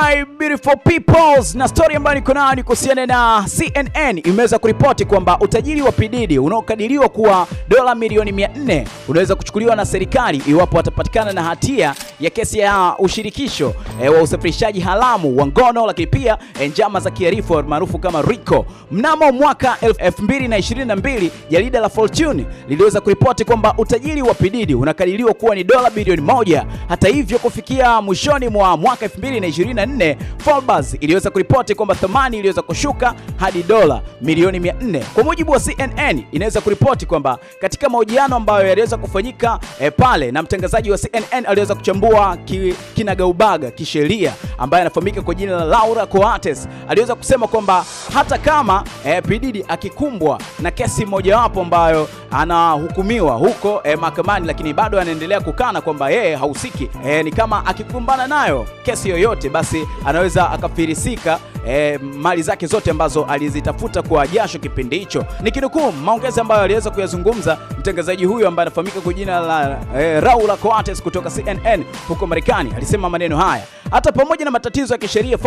my beautiful peoples, na story ambayo niko nayo ni kuhusiana na CNN imeweza kuripoti kwamba utajiri wa pididi unaokadiriwa kuwa dola milioni 400 unaweza kuchukuliwa na serikali iwapo atapatikana na hatia ya kesi ya ushirikisho e, wa usafirishaji haramu wa ngono, lakini pia eh, njama za kiarifu maarufu kama RICO. Mnamo mwaka 2022 jarida la Fortune liliweza kuripoti kwamba utajiri wa P unakadiriwa kuwa ni dola bilioni moja. Hata hivyo kufikia mwishoni mwa mwaka 2024 400, Forbes iliweza kuripoti kwamba thamani iliweza kushuka hadi dola milioni 400. Kwa mujibu wa CNN inaweza kuripoti kwamba katika mahojiano ambayo yaliweza kufanyika e, pale na mtangazaji wa CNN aliweza kuchambua ki, kinagaubaga kisheria ambaye anafahamika kwa jina la Laura Coates aliweza kusema kwamba hata kama eh, P akikumbwa na kesi mojawapo ambayo anahukumiwa huko eh, mahakamani, lakini bado anaendelea kukana kwamba yeye hahusiki eh, ni kama akikumbana nayo kesi yoyote, basi anaweza akafirisika E, mali zake zote ambazo alizitafuta kwa jasho kipindi hicho. Nikinukuu maongezi ambayo aliweza kuyazungumza mtangazaji huyo ambaye anafahamika kwa jina la e, Raula Coates kutoka CNN huko Marekani, alisema maneno haya hata pamoja na matatizo ya kisheria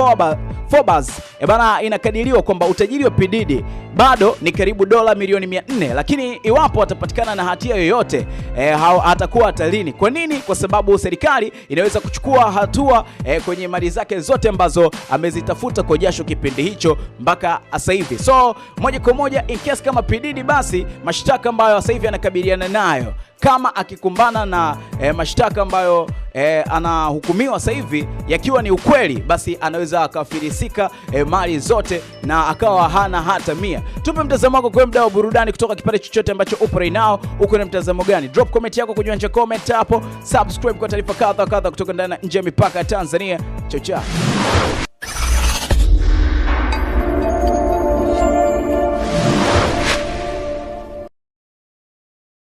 Forbes, e eh, bana, inakadiriwa kwamba utajiri wa P Diddy bado ni karibu dola milioni 400, lakini iwapo atapatikana na hatia yoyote e, atakuwa hatalini. Kwa nini? Kwa sababu serikali inaweza kuchukua hatua e, kwenye mali zake zote ambazo amezitafuta kwa jasho kipindi hicho mpaka sasa hivi. So moja kwa moja in case kama P Diddy, basi mashtaka ambayo sasa hivi anakabiliana nayo kama akikumbana na e, mashtaka ambayo e, anahukumiwa sasa hivi yakiwa ni ukweli, basi anaweza akafilisika e, mali zote na akawa hana hata mia. Tupe mtazamo wako kwa mdao wa burudani kutoka kipande chochote ambacho upo right now, uko na mtazamo gani? Drop comment yako kujianja comment hapo, subscribe kwa taarifa kadha kadha kutoka ndani na nje ya mipaka ya Tanzania. chao chao.